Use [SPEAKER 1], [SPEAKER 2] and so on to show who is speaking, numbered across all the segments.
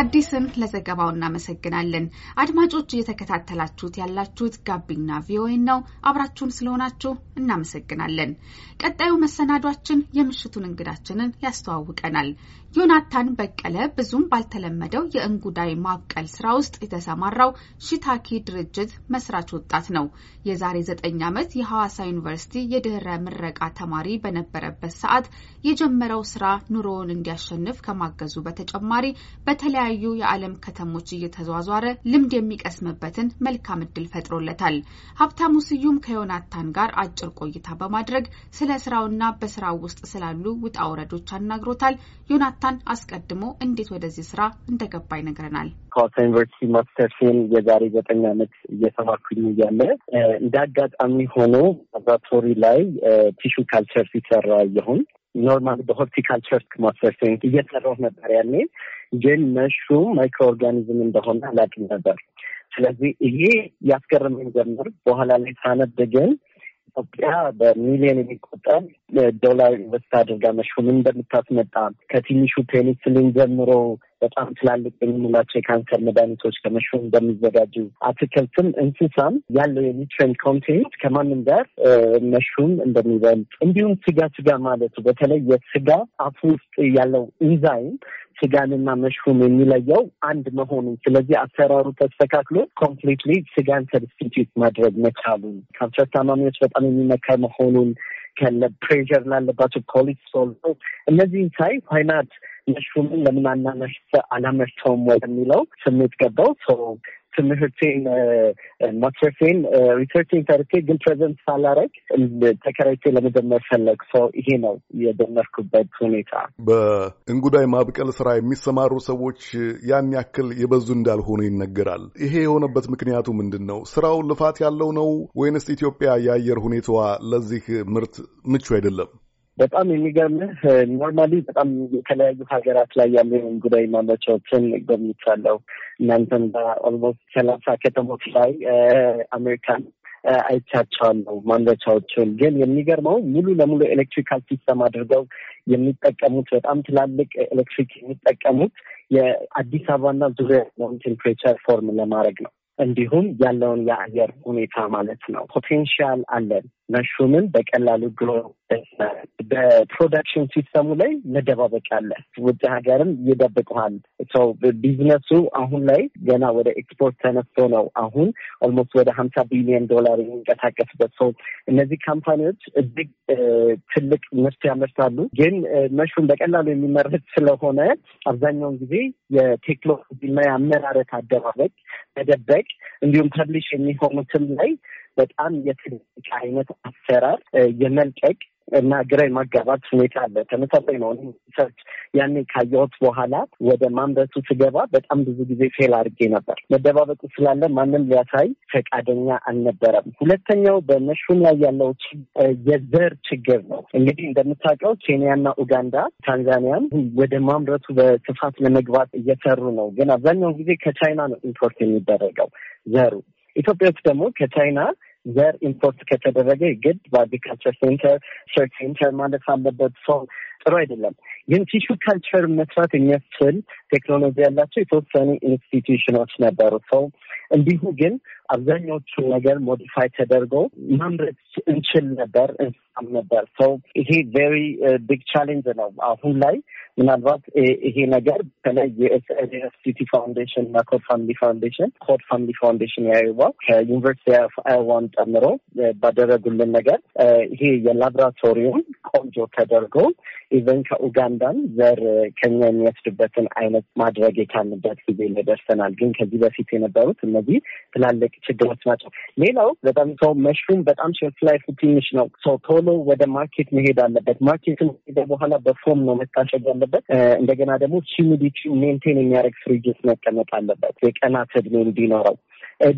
[SPEAKER 1] አዲስን ለዘገባው እናመሰግናለን። አድማጮች እየተከታተላችሁት ያላችሁት ጋቢና ቪኦኤ ነው። አብራችሁን ስለሆናችሁ እናመሰግናለን። ቀጣዩ መሰናዷችን የምሽቱን እንግዳችንን ያስተዋውቀናል። ዮናታን በቀለ ብዙም ባልተለመደው የእንጉዳይ ማብቀል ስራ ውስጥ የተሰማራው ሺታኪ ድርጅት መስራች ወጣት ነው። የዛሬ ዘጠኝ ዓመት የሐዋሳ ዩኒቨርሲቲ የድህረ ምረቃ ተማሪ በነበረበት ሰዓት የጀመረው ስራ ኑሮውን እንዲያሸንፍ ከማገዙ በተጨማሪ በተለያዩ የዓለም ከተሞች እየተዟዟረ ልምድ የሚቀስምበትን መልካም እድል ፈጥሮለታል። ሀብታሙ ስዩም ከዮናታን ጋር አጭር ቆይታ በማድረግ ስለ ስራውና በስራው ውስጥ ስላሉ ውጣ ውረዶች አናግሮታል። ካታን አስቀድሞ እንዴት ወደዚህ ስራ እንደገባ ይነግረናል። ከሀዋሳ ዩኒቨርሲቲ ማስተርሴን የዛሬ ዘጠኝ ዓመት እየተማኩኝ እያለ እንደ አጋጣሚ ሆኖ ላብራቶሪ ላይ ቲሹ ካልቸር ሲሰራ የሆን ኖርማል በሆርቲካልቸር ማስተርሴን እየሰራሁ ነበር። ያኔ ግን መሽሩም ማይክሮ ኦርጋኒዝም እንደሆነ አላውቅም ነበር። ስለዚህ ይሄ ያስገርመኝ ጀምር በኋላ ላይ ሳነብ ግን ኢትዮጵያ በሚሊዮን የሚቆጠር ዶላር ኢንቨስት አድርጋ መሹም እንደምታስመጣ ከትንሹ ፔኒስሊን ጀምሮ በጣም ትላልቅ የምንላቸው የካንሰር መድኃኒቶች ከመሾም እንደሚዘጋጁ አትክልትም እንስሳም ያለው የኒትሬን ኮንቴንት ከማንም ጋር መሹም እንደሚበልጥ እንዲሁም ስጋ ስጋ ማለቱ በተለይ የስጋ አፍ ውስጥ ያለው ኢንዛይም ስጋንና መሽሩም የሚለየው አንድ መሆኑ፣ ስለዚህ አሰራሩ ተስተካክሎ ኮምፕሊትሊ ስጋን ሰብስቲትዩት ማድረግ መቻሉን ካንሰር ታማሚዎች በጣም የሚመከር መሆኑን ከለ ፕሬር ላለባቸው ኮሌስትሮል ነው። እነዚህን ሳይ ፋይናት መሽሩምን ለምን አናመሽ አላመሽተውም አላመርተውም የሚለው ስሜት ገባው። ትምህርቴን መትረፌን ሪሰርቼን ተርኬ ግን ፕሬዘንት ሳላረግ ተከራይቼ ለመጀመር ፈለግ ሰው ይሄ ነው የጀመርኩበት ሁኔታ።
[SPEAKER 2] በእንጉዳይ ማብቀል ስራ የሚሰማሩ ሰዎች ያን ያክል የበዙ እንዳልሆኑ ይነገራል። ይሄ የሆነበት ምክንያቱ ምንድን ነው? ስራው ልፋት ያለው ነው ወይንስ ኢትዮጵያ የአየር ሁኔታዋ ለዚህ ምርት ምቹ አይደለም? በጣም የሚገርምህ ኖርማሊ በጣም የተለያዩ ሀገራት ላይ ያሉ ጉዳይ ማመቻዎችን
[SPEAKER 1] ጎብኝቻለሁ። እናንተም በኦልሞስት ሰላሳ ከተሞች ላይ አሜሪካን አይቻቸዋለሁ ማምረቻዎችን። ግን የሚገርመው ሙሉ ለሙሉ ኤሌክትሪካል ሲስተም አድርገው የሚጠቀሙት በጣም ትላልቅ ኤሌክትሪክ የሚጠቀሙት የአዲስ አበባና ዙሪያ ያለውን ቴምፕሬቸር ፎርም ለማድረግ ነው። እንዲሁም ያለውን የአየር ሁኔታ ማለት ነው። ፖቴንሻል አለን መሹምን በቀላሉ ግሮ በፕሮዳክሽን ሲስተሙ ላይ መደባበቅ አለ። ውጭ ሀገርም ይደብቀዋል። ሰው ቢዝነሱ አሁን ላይ ገና ወደ ኤክስፖርት ተነስቶ ነው አሁን ኦልሞስት ወደ ሀምሳ ቢሊዮን ዶላር የሚንቀሳቀስበት ሰው። እነዚህ ካምፓኒዎች እጅግ ትልቅ ምርት ያመርታሉ። ግን መሹም በቀላሉ የሚመረት ስለሆነ አብዛኛውን ጊዜ የቴክኖሎጂ የአመራረት አደባበቅ መደበቅ እንዲሁም ፐብሊሽ የሚሆኑትም ላይ በጣም የትንጭ አይነት አሰራር የመልቀቅ እና ግራ የማጋባት ሁኔታ አለ። ተመሳሳይ ነው። ሰርች ያኔ ካየሁት በኋላ ወደ ማምረቱ ስገባ በጣም ብዙ ጊዜ ፌል አድርጌ ነበር። መደባበቁ ስላለ ማንም ሊያሳይ ፈቃደኛ አልነበረም። ሁለተኛው በመሹም ላይ ያለው የዘር ችግር ነው። እንግዲህ እንደምታውቀው ኬንያና ኡጋንዳ፣ ታንዛኒያም ወደ ማምረቱ በስፋት ለመግባት እየሰሩ ነው። ግን አብዛኛውን ጊዜ ከቻይና ነው ኢምፖርት የሚደረገው ዘሩ ኢትዮጵያ ውስጥ ደግሞ ከቻይና ዘር ኢምፖርት ከተደረገ የግድ በአግሪካልቸር ሴንተር ሰርች ሴንተር ማለፍ አለበት። ሰው ጥሩ አይደለም። ግን ቲሹ ካልቸር መስራት የሚያስችል ቴክኖሎጂ ያላቸው የተወሰኑ ኢንስቲትዩሽኖች ነበሩ። ሰው እንዲሁ ግን አብዛኛዎቹ ነገር ሞዲፋይ ተደርጎ ማምረት እንችል ነበር እንስሳም ነበር። ሰው ይሄ ቬሪ ቢግ ቻሌንጅ ነው። አሁን ላይ ምናልባት uh, ይሄ ነገር በተለይ የኤስኤስሲቲ ፋውንዴሽን እና ኮድ ፋሚሊ ፋውንዴሽን ኮድ ፋሚሊ ፋውንዴሽን የአይዋ ከዩኒቨርሲቲ ኦፍ አይዋን ጨምሮ uh, ባደረጉልን ነገር uh, ይሄ የላብራቶሪውን ቆንጆ ተደርጎ ኢቨን ከኡጋንዳም ዘር ከኛ የሚወስድበትን አይነት ማድረግ የቻልንበት ጊዜ ላይ ደርሰናል። ግን ከዚህ በፊት የነበሩት እነዚህ ትላልቅ ችግሮች ናቸው። ሌላው በጣም ሰው መሽሩም በጣም ሼልፍ ላይፉ ትንሽ ነው። ሰው ቶሎ ወደ ማርኬት መሄድ አለበት። ማርኬትን ሄደ በኋላ በፎም ነው መታሸግ ያለበት። እንደገና ደግሞ ሂሚዲቲ ሜንቴን የሚያደርግ ፍሪጅ መቀመጥ አለበት የቀናት እድሜ እንዲኖረው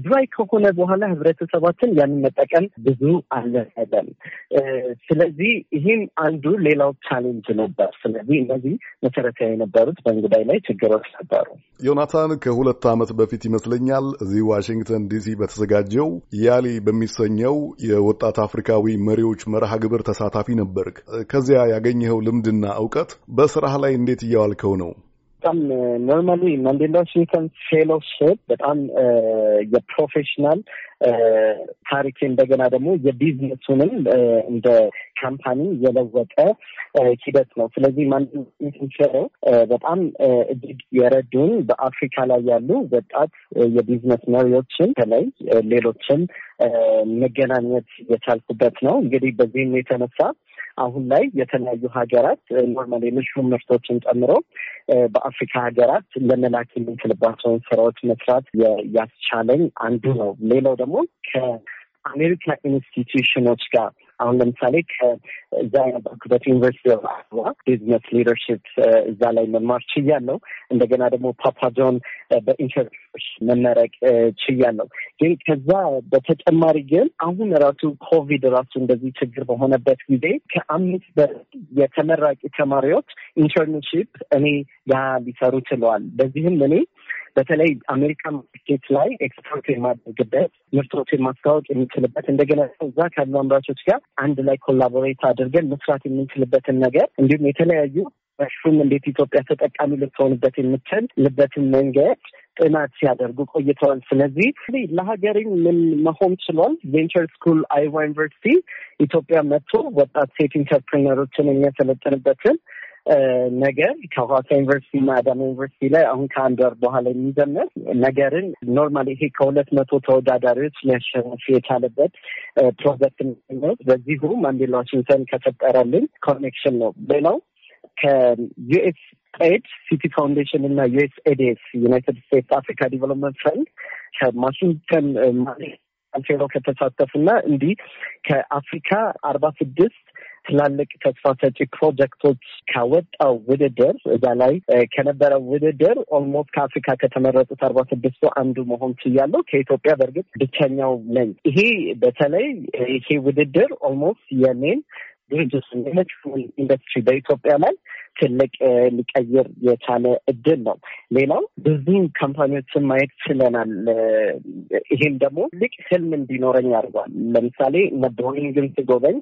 [SPEAKER 1] ድራይ ከሆነ በኋላ ህብረተሰባችን ያንን መጠቀም ብዙ አልለመደም። ስለዚህ ይህም አንዱ ሌላው ቻሌንጅ ነበር። ስለዚህ እነዚህ መሰረታዊ የነበሩት በእንጉዳይ ላይ ችግሮች ነበሩ።
[SPEAKER 2] ዮናታን ከሁለት ዓመት በፊት ይመስለኛል እዚህ ዋሽንግተን ዲሲ በተዘጋጀው ያሌ በሚሰኘው የወጣት አፍሪካዊ መሪዎች መርሃ ግብር ተሳታፊ ነበርክ። ከዚያ ያገኘኸው ልምድና እውቀት በስራህ ላይ እንዴት እያዋልከው ነው?
[SPEAKER 1] በጣም ኖርማሊ ማንዴላ ዊልሰን ፌሎሺፕ በጣም የፕሮፌሽናል ታሪክ እንደገና ደግሞ የቢዝነሱንም እንደ ካምፓኒ የለወጠ ሂደት ነው። ስለዚህ ማንዴላ ዊልሰን በጣም እጅግ የረዱን በአፍሪካ ላይ ያሉ ወጣት የቢዝነስ መሪዎችን በተለይ ሌሎችን መገናኘት የቻልኩበት ነው። እንግዲህ በዚህም የተነሳ አሁን ላይ የተለያዩ ሀገራት ኖርማል የምሽሩም ምርቶችን ጨምሮ በአፍሪካ ሀገራት ለመላክ የምንችልባቸውን ስራዎች መስራት ያስቻለኝ አንዱ ነው። ሌላው ደግሞ ከአሜሪካ ኢንስቲትዩሽኖች ጋር አሁን ለምሳሌ ከዛ የነበርኩበት ዩኒቨርሲቲ ኦፍ ቢዝነስ ሊደርሽፕ እዛ ላይ መማር ችያለው። እንደገና ደግሞ ፓፓጆን በኢንተርሽ መመረቅ ችያለው። ግን ከዛ በተጨማሪ ግን አሁን ራሱ ኮቪድ ራሱ እንደዚህ ችግር በሆነበት ጊዜ ከአምስት የተመራቂ ተማሪዎች ኢንተርንሽፕ እኔ ያ ሊሰሩ ችለዋል። በዚህም እኔ በተለይ አሜሪካን ማርኬት ላይ ኤክስፖርት የማደርግበት ምርቶች ማስታወቅ የምንችልበት እንደገና እዛ ካሉ አምራቾች ጋር አንድ ላይ ኮላቦሬት አድርገን መስራት የምንችልበትን ነገር እንዲሁም የተለያዩ በሹም እንዴት ኢትዮጵያ ተጠቃሚ ልትሆንበት የምትችልበትን መንገድ ጥናት ሲያደርጉ ቆይተዋል። ስለዚህ ለሀገሪም ምን መሆን ችሏል። ቬንቸር ስኩል አይዋ ዩኒቨርሲቲ ኢትዮጵያ መጥቶ ወጣት ሴት ኢንተርፕሪነሮችን የሚያሰለጥንበትን ነገር ከሐዋሳ ዩኒቨርሲቲ እና አዳማ ዩኒቨርሲቲ ላይ አሁን ከአንድ ወር በኋላ የሚዘመር ነገርን ኖርማል ይሄ ከሁለት መቶ ተወዳዳሪዎች ሊያሸንፍ የቻለበት ፕሮጀክት ነው። በዚሁ ማንዴላ ዋሽንግተን ከፈጠረልን ኮኔክሽን ነው። ሌላው ከዩኤስ ኤድ ሲቲ ፋውንዴሽን እና ዩኤስ ኤድኤስ ዩናይትድ ስቴትስ አፍሪካ ዲቨሎፕመንት ፈንድ ከዋሽንግተን ማሌ ከተሳተፉ እና እንዲህ ከአፍሪካ አርባ ስድስት ትላልቅ ተስፋ ሰጪ ፕሮጀክቶች ካወጣው ውድድር እዛ ላይ ከነበረው ውድድር ኦልሞስት ከአፍሪካ ከተመረጡት አርባ ስድስቱ አንዱ መሆን ችያለሁ። ከኢትዮጵያ በእርግጥ ብቸኛው ነኝ። ይሄ በተለይ ይሄ ውድድር ኦልሞስት የኔን ድርጅት ኢንዱስትሪ በኢትዮጵያ ላይ ትልቅ ሊቀይር የቻለ እድል ነው። ሌላው ብዙ ካምፓኒዎችን ማየት ችለናል። ይሄም ደግሞ ትልቅ ህልም እንዲኖረኝ አድርጓል። ለምሳሌ እነ ቦይንግን ስጎበኝ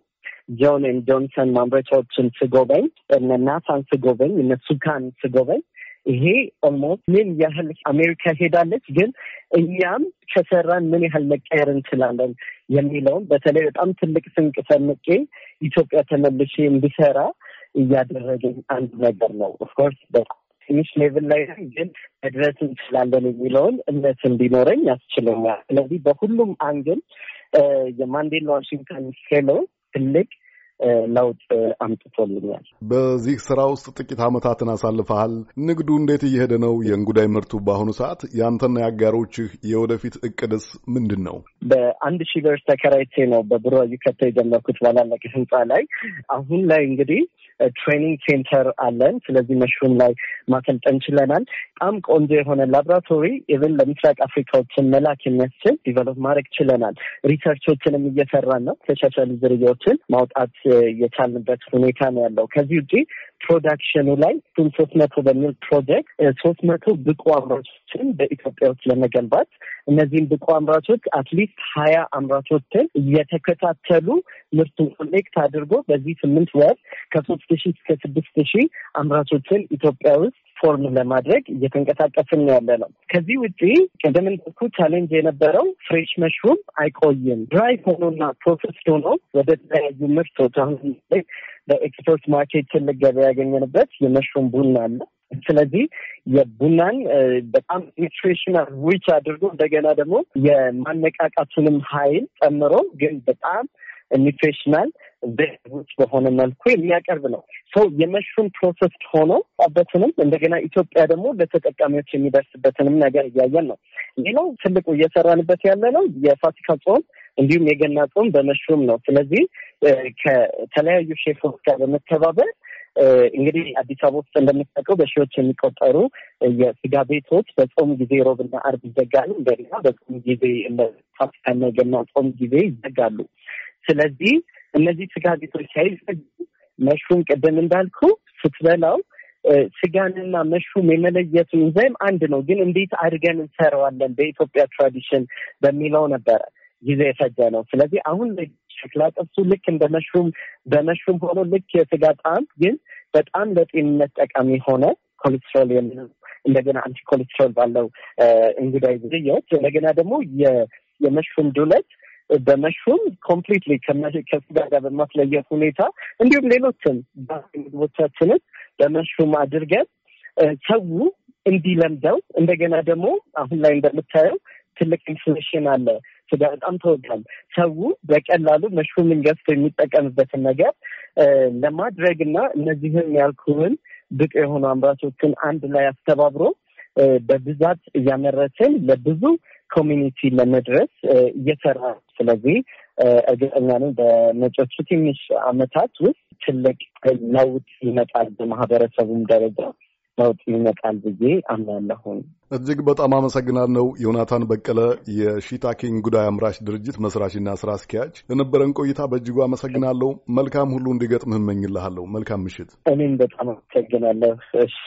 [SPEAKER 1] ጆን ኤን ጆንሰን ማምረቻዎችን ስጎበኝ እነ ናሳን ስጎበኝ እነ ሱካን ስጎበኝ ይሄ ኦልሞስት ምን ያህል አሜሪካ ሄዳለች፣ ግን እኛም ከሰራን ምን ያህል መቀየር እንችላለን የሚለውን በተለይ በጣም ትልቅ ስንቅ ሰንቄ ኢትዮጵያ ተመልሼ እንዲሰራ እያደረገኝ አንድ ነገር ነው። ኦፍኮርስ በትንሽ ሌቭል ላይ ግን መድረስ እንችላለን የሚለውን እምነት እንዲኖረኝ ያስችለኛል። ስለዚህ በሁሉም አንግል የማንዴላ ዋሽንግተን ፌሎ ትልቅ ለውጥ አምጥቶልኛል።
[SPEAKER 2] በዚህ ስራ ውስጥ ጥቂት ዓመታትን አሳልፈሃል። ንግዱ እንዴት እየሄደ ነው? የእንጉዳይ ምርቱ በአሁኑ ሰዓት የአንተና የአጋሮችህ የወደፊት እቅድስ ምንድን ነው?
[SPEAKER 1] በአንድ ሺህ ብር ተከራይቼ ነው በብሮ ዩከተ የጀመርኩት ባላለቅ ህንፃ ላይ አሁን ላይ እንግዲህ ትሬኒንግ ሴንተር አለን። ስለዚህ መሽሩም ላይ ማሰልጠን ችለናል። በጣም ቆንጆ የሆነ ላብራቶሪ ኢቨን ለምስራቅ አፍሪካዎችን መላክ የሚያስችል ዲቨሎፕ ማድረግ ችለናል። ሪሰርቾችንም እየሰራን ነው። ተሻሻሉ ዝርያዎችን ማውጣት የቻልንበት ሁኔታ ነው ያለው። ከዚህ ውጭ ፕሮዳክሽኑ ላይ ቱን ሶስት መቶ በሚል ፕሮጀክት ሶስት መቶ ብቁ አምራቾችን በኢትዮጵያ ውስጥ ለመገንባት እነዚህም ብቁ አምራቾች አትሊስት ሀያ አምራቾችን እየተከታተሉ ምርቱን ኮሌክት አድርጎ በዚህ ስምንት ወር ከሶስት ሺህ እስከ ስድስት ሺህ አምራቾችን ኢትዮጵያ ውስጥ ፎርም ለማድረግ እየተንቀሳቀስን ያለ ነው። ከዚህ ውጭ ቅድም እንዳልኩ ቻሌንጅ የነበረው ፍሬሽ መሽሩም አይቆይም። ድራይ ሆኖና ፕሮሰስድ ሆኖ ወደ ተለያዩ ምርቶች አሁን በኤክስፖርት ማርኬት ትልቅ ገበያ ያገኘንበት የመሽሩም ቡና አለ። ስለዚህ የቡናን በጣም ኒትሪሽናል ዊች አድርጎ እንደገና ደግሞ የማነቃቃቱንም ኃይል ጨምሮ ግን በጣም ኒትሪሽናል ቤች በሆነ መልኩ የሚያቀርብ ነው። ሰው የመሹም ፕሮሰስ ሆኖ በትንም እንደገና ኢትዮጵያ ደግሞ ለተጠቃሚዎች የሚደርስበትንም ነገር እያየን ነው። ሌላው ትልቁ እየሰራንበት ያለ ነው የፋሲካ ጾም እንዲሁም የገና ጾም በመሹም ነው። ስለዚህ ከተለያዩ ሼፎች ጋር በመተባበር እንግዲህ አዲስ አበባ ውስጥ እንደምታውቀው በሺዎች የሚቆጠሩ የስጋ ቤቶች በጾም ጊዜ ሮብና አርብ ይዘጋሉ። እንደገና በጾም ጊዜ ፋሲካና የገና ጾም ጊዜ ይዘጋሉ። ስለዚህ እነዚህ ስጋ ቤቶች ሳይዘጉ መሹም ቅድም እንዳልኩ ስትበላው ስጋንና መሹም የመለየቱ ኢንዛይም አንድ ነው፣ ግን እንዴት አድርገን እንሰራዋለን በኢትዮጵያ ትራዲሽን በሚለው ነበረ ጊዜ የፈጀ ነው። ስለዚህ አሁን ሸክላ ጥብሱ ልክ እንደ መሹም በመሹም ሆኖ ልክ የስጋ ጣዕም ግን በጣም ለጤንነት ጠቃሚ ሆነ ኮሌስትሮል እንደገና አንቲ ኮሌስትሮል ባለው እንግዳይ ዝርያዎች እንደገና ደግሞ የመሹም ዱለት በመሹም ኮምፕሊትሊ ከስጋ ጋር በማስለየት ሁኔታ እንዲሁም ሌሎችም ምግቦቻችንን በመሹም አድርገን ሰው እንዲለምደው እንደገና ደግሞ አሁን ላይ እንደምታየው ትልቅ ኢንፍሌሽን አለ። ስጋ በጣም ተወዷል። ሰው በቀላሉ መሹምን ገዝቶ የሚጠቀምበትን ነገር ለማድረግ እና እነዚህም ያልኩህን ብቅ የሆኑ አምራቾችን አንድ ላይ አስተባብሮ በብዛት እያመረትን ለብዙ ኮሚኒቲ ለመድረስ እየሰራ ነው። ስለዚህ እርግጠኛ ነኝ በመጪዎቹ ትንሽ አመታት ውስጥ ትልቅ ለውጥ ይመጣል፣ በማህበረሰቡም ደረጃ ለውጥ ይመጣል ብዬ አምናለሁኝ።
[SPEAKER 2] እጅግ በጣም አመሰግናለሁ። ዮናታን በቀለ የሺታኪን ጉዳይ አምራች ድርጅት መስራችና ስራ አስኪያጅ፣ ለነበረን ቆይታ በእጅጉ አመሰግናለሁ። መልካም ሁሉ እንዲገጥምህ እመኝልሃለሁ። መልካም ምሽት።
[SPEAKER 1] እኔም በጣም አመሰግናለሁ። እሺ።